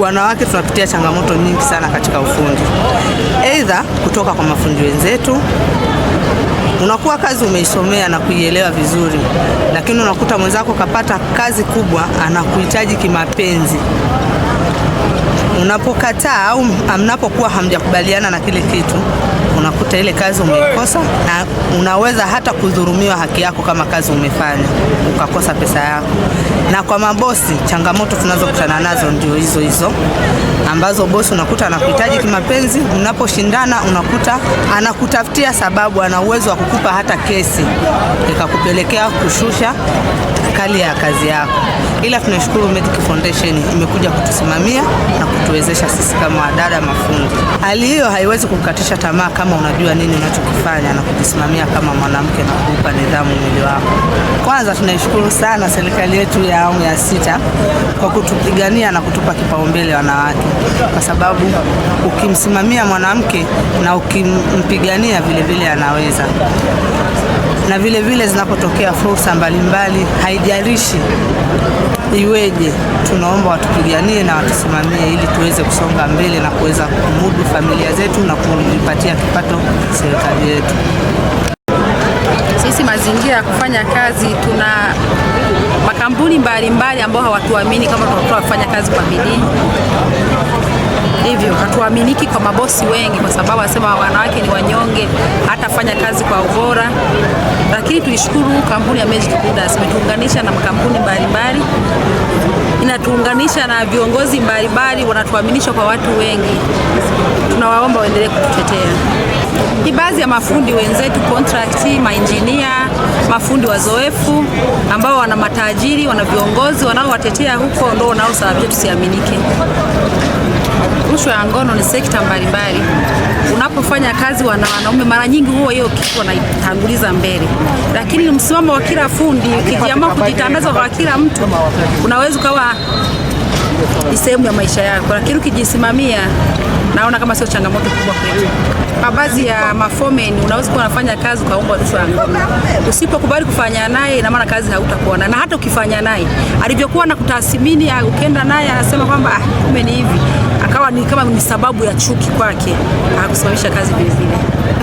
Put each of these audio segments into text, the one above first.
wanawake tunapitia changamoto nyingi sana katika ufundi, aidha kutoka kwa mafundi wenzetu. Unakuwa kazi umeisomea na kuielewa vizuri, lakini unakuta mwenzako kapata kazi kubwa, anakuhitaji kimapenzi. Unapokataa au mnapokuwa hamjakubaliana na kile kitu, unakuta ile kazi umeikosa, na unaweza hata kudhurumiwa haki yako kama kazi umefanya ukakosa pesa yako. Na kwa mabosi, changamoto tunazokutana nazo ndio hizo hizo ambazo bosi unakuta anakuhitaji kimapenzi, mnaposhindana unakuta anakutafutia sababu, ana uwezo wa kukupa hata kesi ikakupelekea kushusha kali ya kazi yako ila tunashukuru Medical Foundation imekuja kutusimamia na kutuwezesha sisi kama wadada mafundi. Hali hiyo haiwezi kukatisha tamaa kama unajua nini unachokifanya na kujisimamia kama mwanamke na kuupa nidhamu mwili wako. Kwanza tunaishukuru sana serikali yetu ya awamu ya sita kwa kutupigania na kutupa kipaumbele wanawake, kwa sababu ukimsimamia mwanamke na ukimpigania vilevile anaweza na vile vile zinapotokea fursa mbalimbali, haijalishi iweje, tunaomba watupiganie na watusimamie ili tuweze kusonga mbele na kuweza kumudu familia zetu na kujipatia kipato serikali yetu. Sisi mazingira ya kufanya kazi, tuna makampuni mbalimbali ambao hawatuamini kama tunatoa kufanya kazi kwa bidii hivyo hatuaminiki kwa mabosi wengi, kwa sababu wasema wanawake ni wanyonge, hatafanya kazi kwa ubora. Lakini tulishukuru kampuni ya Magic Builders imetuunganisha na makampuni mbalimbali, inatuunganisha na viongozi mbalimbali, wanatuaminisha kwa watu wengi. Tunawaomba waendelee kututetea. Ni baadhi ya mafundi wenzetu, contract, mainjinia, mafundi wazoefu ambao wana matajiri, wana viongozi wanaowatetea huko, ndio wanaosababisha tusiaminike rushwa ya ngono ni sekta mbalimbali. Unapofanya kazi wana wanaume, mara nyingi huo hiyo kitu wanaitanguliza mbele, lakini msimamo wa kila fundi, ukijiamua kujitangaza kwa kila mtu, unaweza ukawa ni sehemu ya maisha yako, lakini ukijisimamia, naona kama sio changamoto kubwa kwetu. Kwa ya mafomeni unaweza kuwa unafanya kazi kwa umbo la ngono, usipokubali kufanya naye, ina maana kazi hautakuona, na hata ukifanya naye alivyokuwa na kutathmini, ukienda naye anasema kwamba ah, kumbe ni hivi ikawa ni kama ni sababu ya chuki kwake akusimamisha kazi vile vile.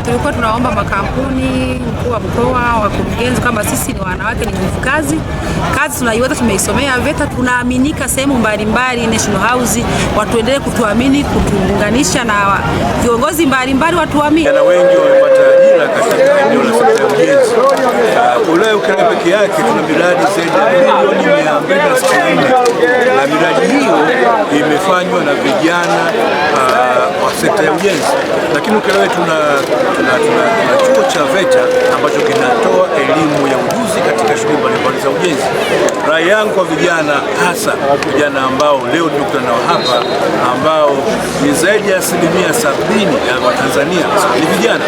Tulikuwa tunaomba makampuni, mkuu wa mkoa, wakurugenzi kwamba sisi ni wanawake, ni nguvu kazi, kazi tunaiweza, tumeisomea VETA, tunaaminika sehemu mbalimbali, National House, watuendelee kutuamini, kutuunganisha na viongozi mbalimbali, watuamini. Na wengi wamepata ajira katika eneo la sekta ya ujenzi. Uh, Ukerewe peke yake tuna miradi zaidi ya milioni mia mbili na miradi hiyo yanayofanywa na vijana uh, wa sekta ya ujenzi, lakini Ukerewe tuna, tuna, tuna, tuna chuo cha VETA ambacho kinatoa elimu ya ujuzi katika shughuli mbalimbali za ujenzi. Rai yangu kwa vijana, hasa vijana ambao leo tumekutana nao hapa, ambao ni zaidi ya asilimia sabini ya Watanzania ni vijana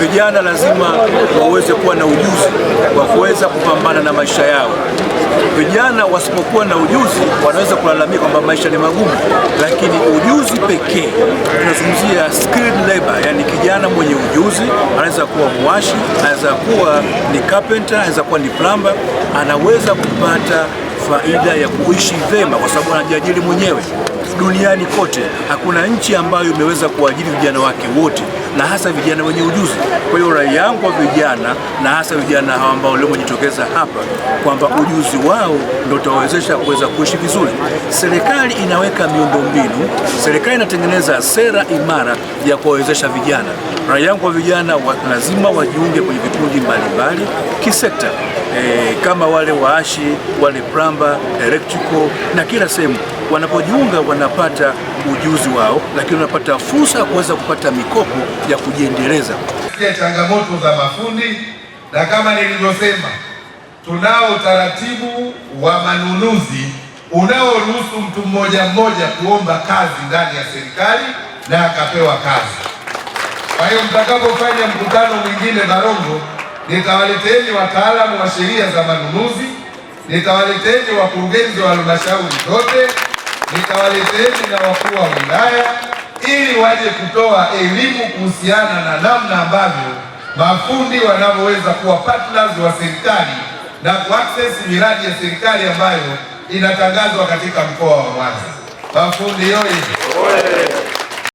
vijana lazima waweze kuwa na ujuzi wa kuweza kupambana na maisha yao. Vijana wasipokuwa na ujuzi wanaweza kulalamia kwamba maisha ni magumu, lakini ujuzi pekee, tunazungumzia skilled labor, yani kijana mwenye ujuzi anaweza kuwa mwashi, anaweza kuwa ni carpenter, anaweza kuwa ni plumber, anaweza kupata faida ya kuishi vema kwa sababu anajiajiri mwenyewe. Duniani kote hakuna nchi ambayo imeweza kuajiri vijana wake wote na hasa vijana wenye ujuzi. Kwa hiyo rai yangu kwa vijana na hasa vijana hao ambao leo wamejitokeza hapa kwamba ujuzi wao ndio utawawezesha kuweza kuishi vizuri. Serikali inaweka miundombinu, serikali inatengeneza sera imara ya kuwawezesha vijana. Rai yangu kwa vijana lazima wajiunge kwenye vikundi mbalimbali kisekta e, kama wale waashi wale pramba electrical na kila sehemu wanapojiunga wanapata ujuzi wao, lakini wanapata fursa ya kuweza kupata mikopo ya kujiendeleza. Changamoto za mafundi, na kama nilivyosema, tunao utaratibu wa manunuzi unaoruhusu mtu mmoja mmoja kuomba kazi ndani ya serikali na akapewa kazi. Kwa hiyo mtakapofanya mkutano mwingine Barongo nitawaleteni wataalamu wa sheria za manunuzi, nitawaleteni wakurugenzi wa halmashauri zote, nitawaleteni na wakuu wa wilaya, ili waje kutoa elimu kuhusiana na namna ambavyo mafundi wanavyoweza kuwa partners wa serikali na kuaccess miradi ya serikali ambayo inatangazwa katika mkoa wa Mwanza. Mafundi yoye!